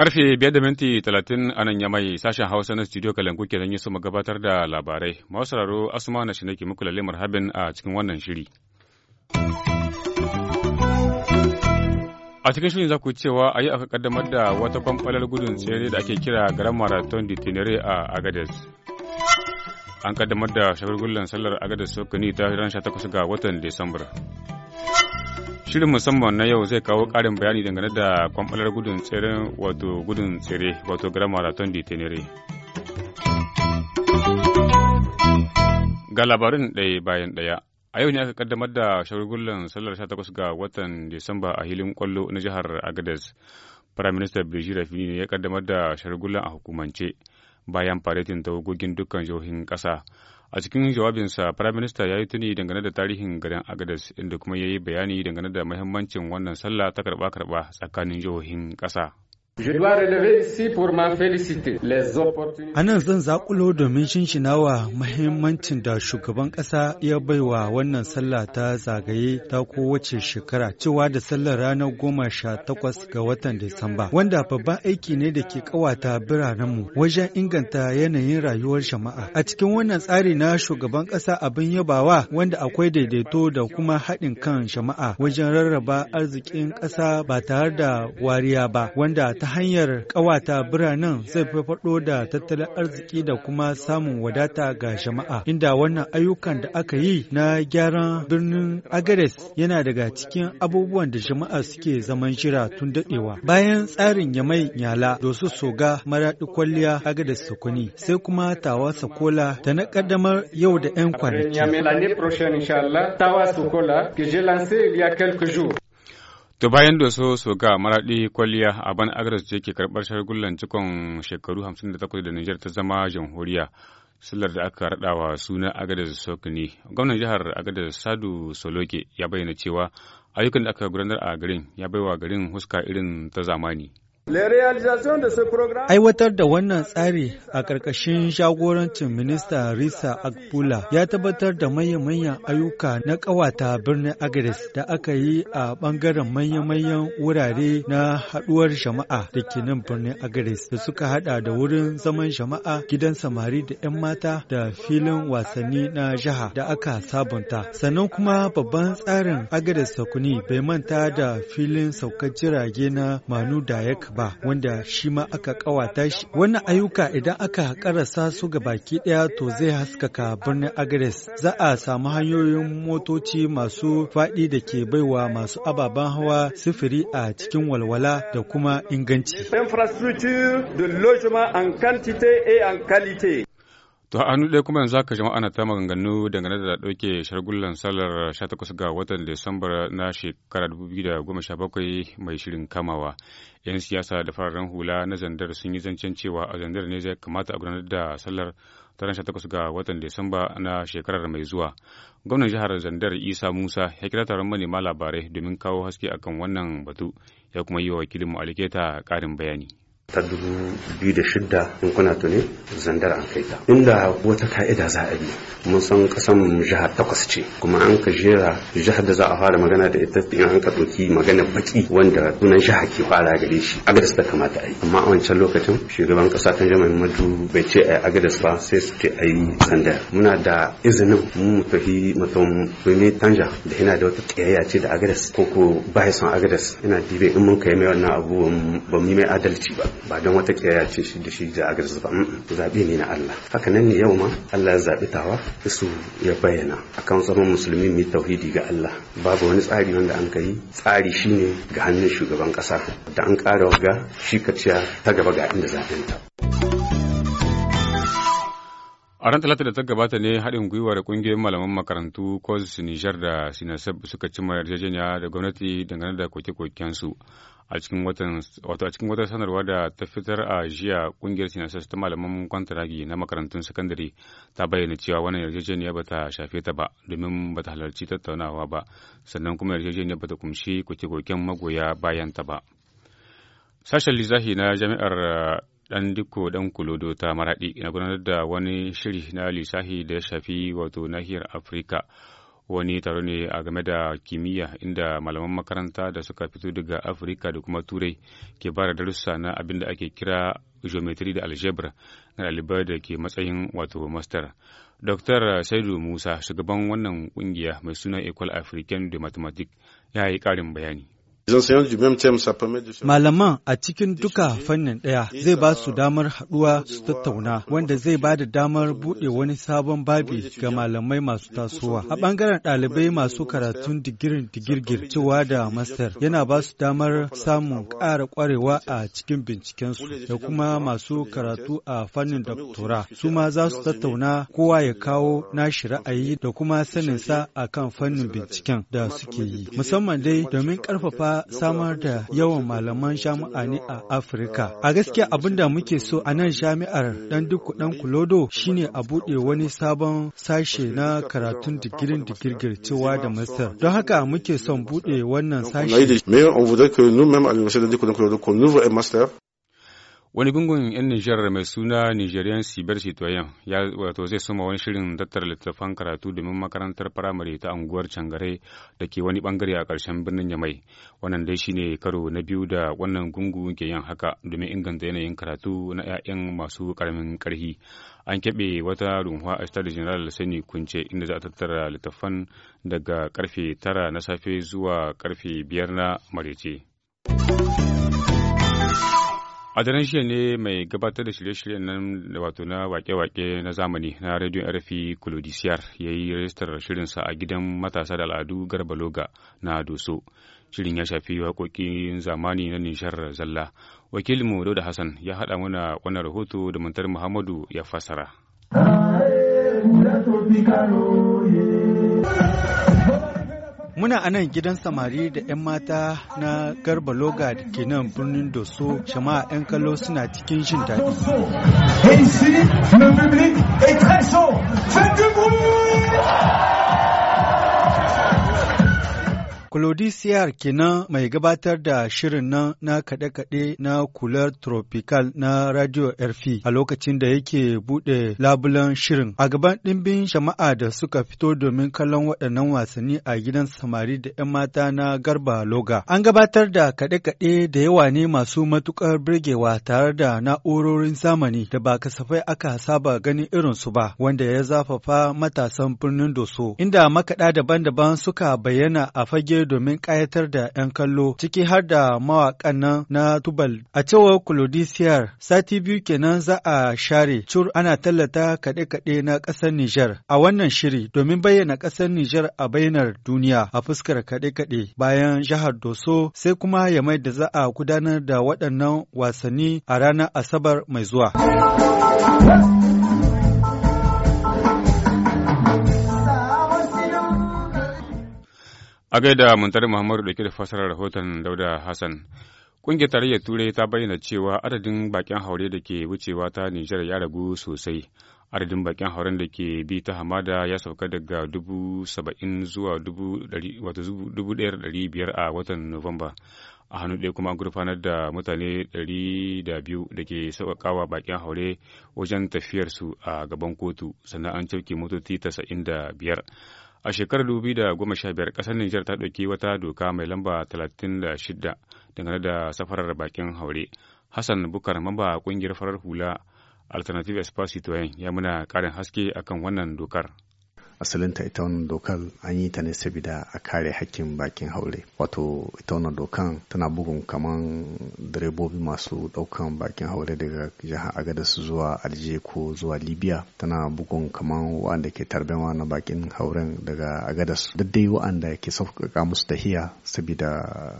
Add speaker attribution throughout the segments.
Speaker 1: Karfe biyar da minti talatin a nan ya sashen Hausa na studio Kalangu ke yi su gabatar da labarai. Masu sauraro Asuma na shinake muku lalle marhabin a cikin wannan shiri. A cikin shirin za ku cewa a yi aka kaddamar da wata kwamfalar gudun tsere da ake kira Grand Marathon de a Agadez. an kaddamar da shagulgullan sallar agadar sokani ta sha takwas ga watan Disambar. Shirin musamman na yau zai kawo ƙarin bayani dangane da kwamfalar gudun tsere wato gudun tsere wato Grand Marathon di Tenere. Ga labarin ɗaya bayan ɗaya. A yau ne aka kaddamar da shagulgullan sallar 18 ga watan Disamba a hilin kwallo na jihar Agadez. Firaminista Birji Rafini ne ya kaddamar da shagulgullan a hukumance. bayan faretin tawagogin dukkan jihohin ƙasa. A cikin jawabinsa, prime minister ya yi tuni dangane da tarihin garin Agadez, inda kuma ya yi bayani dangane da mahimmancin wannan sallah ta karɓa-karɓa tsakanin jihohin ƙasa.
Speaker 2: A nan zan zaƙulo domin shinshinawa mahimmancin da shugaban ƙasa ya baiwa wannan sallah ta zagaye ta kowace shekara cewa da sallar ranar goma sha takwas ga watan Disamba, wanda babban aiki ne da ke ƙawata biranenmu wajen inganta yanayin rayuwar jama'a. A cikin wannan tsari na shugaban ƙasa abin yabawa wanda akwai daidaito da kuma haɗin kan jama'a wajen rarraba arzikin ƙasa ba tare da wariya ba, wanda ta hanyar kawata biranen zai faɗo da tattalin arziki da kuma samun wadata ga jama'a, inda wannan ayyukan da aka yi na gyaran birnin Agares yana daga cikin abubuwan da jama'a suke zaman jira tun daɗewa. Bayan tsarin ya mai Nyala, Dosu Soga, Maraɗi Kwalliya, Agares Sukuni, sai kuma Tawa Sakola ta na ƙaddamar yau da 'yan kwanaki. Tawa il y a quelques jours.
Speaker 1: To bayan da so ga maraɗi kwalliya a ban agres da ke karɓar shagullan cikon shekaru 58 da Nijar ta zama jamhuriya. sular da aka raɗawa suna Agadez Sokni. Gwamnan jihar agres Sadu Soloke ya bayyana cewa ayyukan da aka gudanar a garin ya baiwa garin huska irin ta zamani.
Speaker 2: Aiwatar da wannan tsari a ƙarƙashin jagorancin Minista Risa Akpula ya tabbatar da manya-manyan ayyuka na ƙawata birnin Agres da aka yi a ɓangaren manya-manyan wurare na haɗuwar jama'a da ke nan birnin Agres da suka haɗa da wurin zaman jama'a gidan samari da 'yan mata da filin wasanni na jiha da aka sabunta. Sannan kuma babban tsarin Agres Sakuni bai manta da filin saukar jirage na Manu Dayak ba. ba wanda shi ma aka kawata shi. Wannan ayyuka idan aka karasa su ga baki ɗaya to zai haskaka birnin Agres. Za a samu hanyoyin motoci masu faɗi da ke baiwa masu ababen hawa sufuri a cikin walwala da kuma inganci. Infrastructure de logement en quantité et en qualité.
Speaker 1: To a hannu ɗaya kuma yanzu haka jama'a ana ta maganganu dangane da ɗauke shargullan sallar 18 ga watan Disambar na shekara 2017 mai shirin kamawa. 'Yan siyasa da fararen hula na zandar sun yi zancen cewa a zandar ne zai kamata a gudanar da sallar taron 18 ga watan Disamba na shekarar mai zuwa. Gwamnan jihar Zandar Isa Musa ya kira taron manema labarai domin kawo haske akan wannan batu ya kuma yi wa wakilinmu Aliketa ƙarin bayani. ta dubu biyu da shidda in kuna tuni zandar an kai ta
Speaker 3: inda wata ka'ida za a bi mun san kasan jihar takwas ce kuma an ka jera jihar da za a fara magana da ita in an ka ɗauki magana baki wanda sunan jihar ke fara gare shi agadas ta kamata a yi amma a wancan lokacin shugaban kasa kan jami'in madu bai ce a agadas ba sai su ce a yi zandar muna da izinin mu tafi mutum domin tanja da ina da wata tsayayya ce da agadas ko ko baya son agadas ina dibe in mun kai mai wannan abu ba mu yi mai adalci ba ba don wata kiyaya ce shi da shi da aka ba zaɓi ne na Allah haka nan ne yau ma Allah ya zaɓi tawa su ya bayyana akan tsaron musulmi mai tauhidi ga Allah babu wani tsari wanda an kai tsari shine ga hannun shugaban ƙasa da an ƙara ga shi kaciya ta gaba ga inda zaɓen ta
Speaker 1: A ran talata da ta gabata ne haɗin gwiwar ƙungiyoyin malaman makarantu COS Nijar da Sinasab suka cimma yarjejeniya da gwamnati dangane da koke-kokensu. a cikin watan wato a cikin wata sanarwa da ta fitar a jiya kungiyar sinasas ta malaman kwantaragi na makarantun sakandare ta bayyana cewa wannan yarjejeniya bata shafe ta ba domin bata halarci tattaunawa ba sannan kuma yarjejeniya bata kumshi koke-koken magoya bayan ta ba sashen lizahi na jami'ar dan eh, diko dan kulodo ta maradi na gudanar da wani shiri na lissafi da ya shafi wato nahiyar afirka wani taro ne a game da kimiyya inda malaman makaranta da suka fito daga afirka da kuma turai ke bara darussa na abin da ake kira geometry da algebra na ɗalibai da ke matsayin wato master dr saidu musa shugaban wannan kungiya mai suna equal african de mathematics ya yi ƙarin bayani
Speaker 2: Malaman a cikin duka fannin ɗaya zai ba su damar haɗuwa su tattauna wanda zai ba da damar buɗe wani sabon babi ga malamai masu tasowa. A ɓangaren ɗalibai masu karatun digirin digirgir cewa da master yana ba su damar samun ƙara ƙwarewa a cikin bincikensu da kuma masu karatu a fannin doktora. Su ma za su tattauna kowa ya kawo nashi ra'ayi da kuma saninsa a kan fannin binciken da suke yi. Musamman dai domin ƙarfafa samar da yawan malaman jami'a ne a Afirka. A gaskiya abin da muke so a nan jami'ar dan duku dan kulodo shine a buɗe wani sabon sashe na karatun digirin digirgircewa da Masar. Don haka muke son buɗe wannan sashe.
Speaker 1: Wani gungun 'yan Nijar mai suna Nigerian Cyber Citoyen ya wato zai soma wani shirin tattara littattafan karatu domin makarantar firamare ta unguwar Cangare da ke wani bangare a karshen birnin Yamai. Wannan dai shine karo na biyu da wannan gungu ke yin haka domin inganta yanayin karatu na 'ya'yan masu ƙaramin ƙarhi. An keɓe wata rumfa a Stade General Sani Kunce inda za a tattara littattafan daga karfe tara na safe zuwa karfe biyar na marece. a daren shiya ne mai gabatar da shirye-shiryen nan da wato na wake-wake na zamani na rediyon rfi kulodisiyar ya yi rajistar shirinsa a gidan matasa da al'adu garba loga na doso shirin ya shafi waƙoƙin zamani na nishar zalla wakilinmu dauda hassan ya haɗa mana wannan rahoto da mantar muhammadu ya fassara
Speaker 2: Muna a nan gidan samari da 'yan mata na Garba Loga da ke nan birnin Doso, a 'yan kallo suna cikin jin daɗi. Clodiciyar kenan mai gabatar da shirin nan na kaɗe-kaɗe na kular tropical na Radio RF a lokacin da yake buɗe labulan shirin. A gaban ɗimbin shama'a da suka fito domin kallon waɗannan wasanni a gidan samari da 'yan mata na Garba Loga. An gabatar da kaɗe-kaɗe da yawa ne masu matuƙar birgewa tare da na'urorin zamani da ba kasafai aka saba ganin irin su ba, wanda ya zafafa matasan birnin Doso, inda makaɗa daban-daban suka bayyana a fage domin ƙayatar da 'yan kallo ciki har da mawaƙan nan na tubal. A cewar Kulodisiyar, sati biyu kenan za a share cur ana tallata kaɗe-kaɗe na ƙasar Nijar a wannan shiri domin bayyana ƙasar Nijar a bainar duniya a fuskar kaɗe-kaɗe bayan jihar Doso sai kuma ya mai da za a gudanar da waɗannan wasanni a ranar Asabar mai zuwa.
Speaker 1: A gaida Muntari Muhammadu dauke da fasarar rahoton Dauda Hassan. Ƙungiyar tarayyar Turai ta bayyana cewa adadin bakin haure da ke wucewa ta Nijar ya ragu sosai. Adadin bakin hauren da ke bi ta hamada ya sauka daga dubu saba'in zuwa dubu ɗaya ɗari biyar a watan Nuwamba. A hannu ɗaya kuma gurfanar da mutane ɗari da biyu da ke sauƙaƙawa bakin haure wajen tafiyarsu a gaban kotu, sannan an cauke motoci tasa'in da biyar. A shekarar 2015 ƙasar Nijar ta ɗauki wata doka mai lamba talatin da 36 dangane da safarar bakin haure. Hassan Bukar mamba ƙungiyar farar hula Alternative Espace ya muna ƙarin haske akan wannan dokar. asalinta ita
Speaker 3: wannan dokar, an yi ta ne saboda a kare hakkin bakin haure wato ita wannan dokan tana bugun kaman direbobi masu daukan bakin haure daga jihar agadas zuwa alje ko zuwa libya tana bugun kaman wanda ke tarben wannan bakin hauren daga agadas duk dai wa'anda ke sauƙaƙa musu tahiya saboda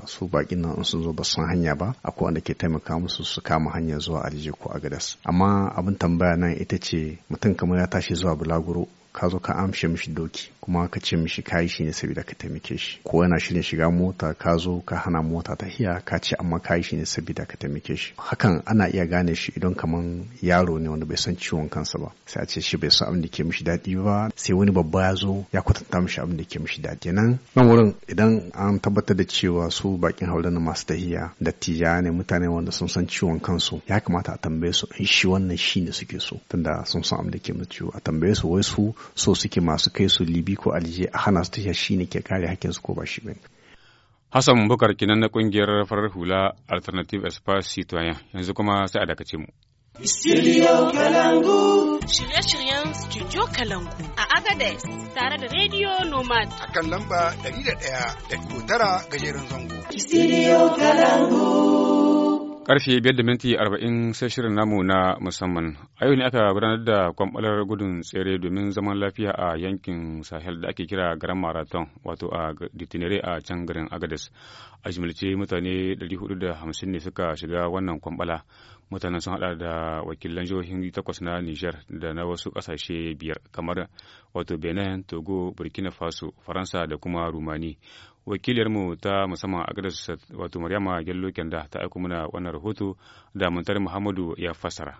Speaker 3: su bakin nan sun zo ba san hanya ba akwai wanda ke taimaka musu su kama hanya zuwa alje ko agadas amma abin tambaya nan ita ce mutum kamar ya tashi zuwa bulaguro ka zo ka amshe mishi doki kuma ka ce mishi kayi shi ne saboda ka taimake shi ko yana shirin shiga mota ka zo ka hana mota tahiya ka ce amma kayi shi ne saboda ka taimake shi hakan ana iya gane shi idan kaman yaro ne wanda bai san ciwon kansa ba sai a ce shi bai san abin da ke mishi daɗi ba sai wani babba ya zo ya kwatanta mishi abin da ke mishi daɗi nan nan wurin idan an tabbatar da cewa su bakin na masu tahiya da tija ne mutane wanda sun san ciwon kansu ya kamata a tambaye su in shi wannan shi ne suke so tunda sun san abin da ke musu a tambaye su wai su so suke masu kai su libi ko Alije a hana su tafiya shine ke kare hakkin su ko ba shi bane
Speaker 1: Hassan Bukar kinan na kungiyar farar hula Alternative Espace Citoyen yanzu kuma sai a dakace mu Studio
Speaker 2: Kalangu. Shirye-shiryen Studio Kalangu a Agadez tare da Radio Nomad. A kan lamba 101.9 gajeren zango.
Speaker 1: Studio
Speaker 2: Kalangu.
Speaker 1: Karfe biyar da minti arba'in sai shirin namu na musamman. A yau ne aka gudanar da kwamɓalar gudun tsere domin zaman lafiya a yankin Sahel da ake kira Garan Marathon wato a Ditinere a can garin agadis A jimilce mutane 450 ne suka shiga wannan kwamɓala. mutanen sun hada da wakilan jihohin takwas na niger da na wasu kasashe biyar kamar wato Benin, Togo, Burkina Faso, Faransa da kuma Rumani. wakiliyarmu ta musamman a gadar wato maryama gello kenda ta aiko mana wannan rahoto da muntar muhammadu ya fassara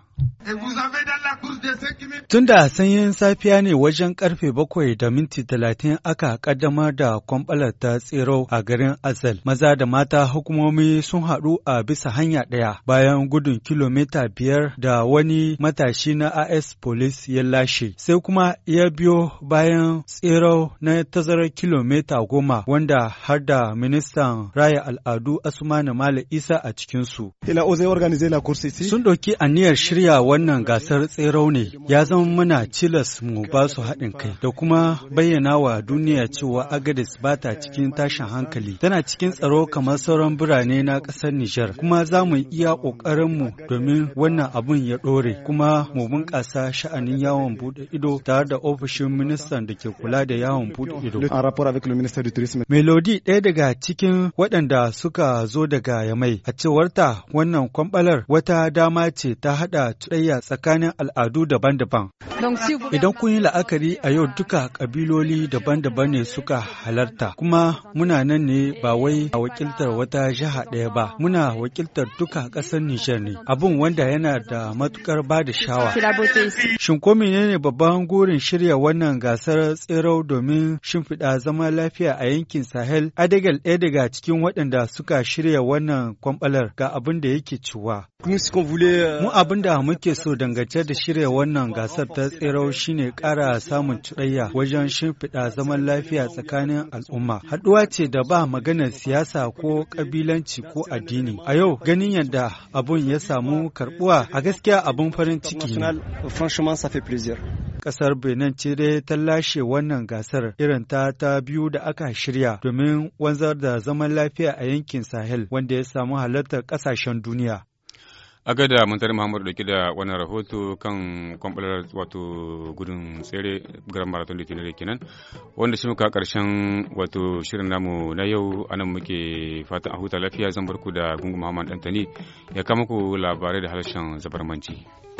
Speaker 2: Tun da sanyin safiya ne wajen karfe bakwai da minti talatin aka kaddamar da kwambalar ta tsero a garin Azal. Maza da mata hukumomi sun haɗu a bisa hanya ɗaya bayan gudun kilomita biyar da wani matashi na AS Police ya lashe. Sai kuma ya biyo bayan tsero na tazarar kilomita goma wanda har da ministan raya al'adu Asmani Malam Isa a cikinsu. Sun ɗauki aniyar shirya wannan gasar tsero ne, ya zama muna cilas mu ba su haɗin kai da kuma bayyana wa duniya cewa Agadis ba ta cikin tashin hankali, tana cikin tsaro kamar sauran birane na ƙasar Nijar, kuma za mu iya ƙoƙarinmu domin wannan abun ya ɗore, kuma mu bunƙasa sha'anin yawon buɗe ido tare da ofishin ministan da ke kula da yawon buɗe ido. Lodi ɗaya daga cikin waɗanda suka zo daga Yamai, a cewarta wannan kwamɓalar wata dama ce ta haɗa tsayya tsakanin al'adu daban-daban. Idan kun yi la'akari a yau duka ƙabiloli daban-daban ne suka halarta, kuma muna nan ne ba wai a wakiltar wata jiha ɗaya ba, muna wakiltar duka ƙasar Nijar ne, abin wanda yana da matuƙar ba da shawa. Shin ko menene babban gurin shirya wannan gasar tsirau domin shimfiɗa zama lafiya a yankin Sahel? Sahel Adegal ɗaya daga cikin waɗanda suka shirya wannan kwamɓalar ga abin da yake cewa. Euh, Mu abin da muke so dangance da shirya wannan gasar ta tsirau shine ƙara samun cuɗayya wajen shimfiɗa zaman lafiya tsakanin al'umma. Haɗuwa ce da ba maganar siyasa ko ƙabilanci ko addini. A yau ganin yadda abun ya samu karbuwa, a gaskiya abin farin ciki ne. kasar Benin ce dai ta lashe wannan gasar irin ta ta biyu da aka shirya domin wanzar da zaman lafiya a yankin Sahel wanda ya samu halartar kasashen duniya.
Speaker 1: a gada muntari muhammadu dauke da wannan rahoto kan kwamfalar wato gudun tsere garan marathon da tinare kenan wanda shi muka karshen wato shirin namu na yau anan muke fatan a huta lafiya zan barku da gungun muhammadu dantani ya kama ku labarai da harshen zabarmanci.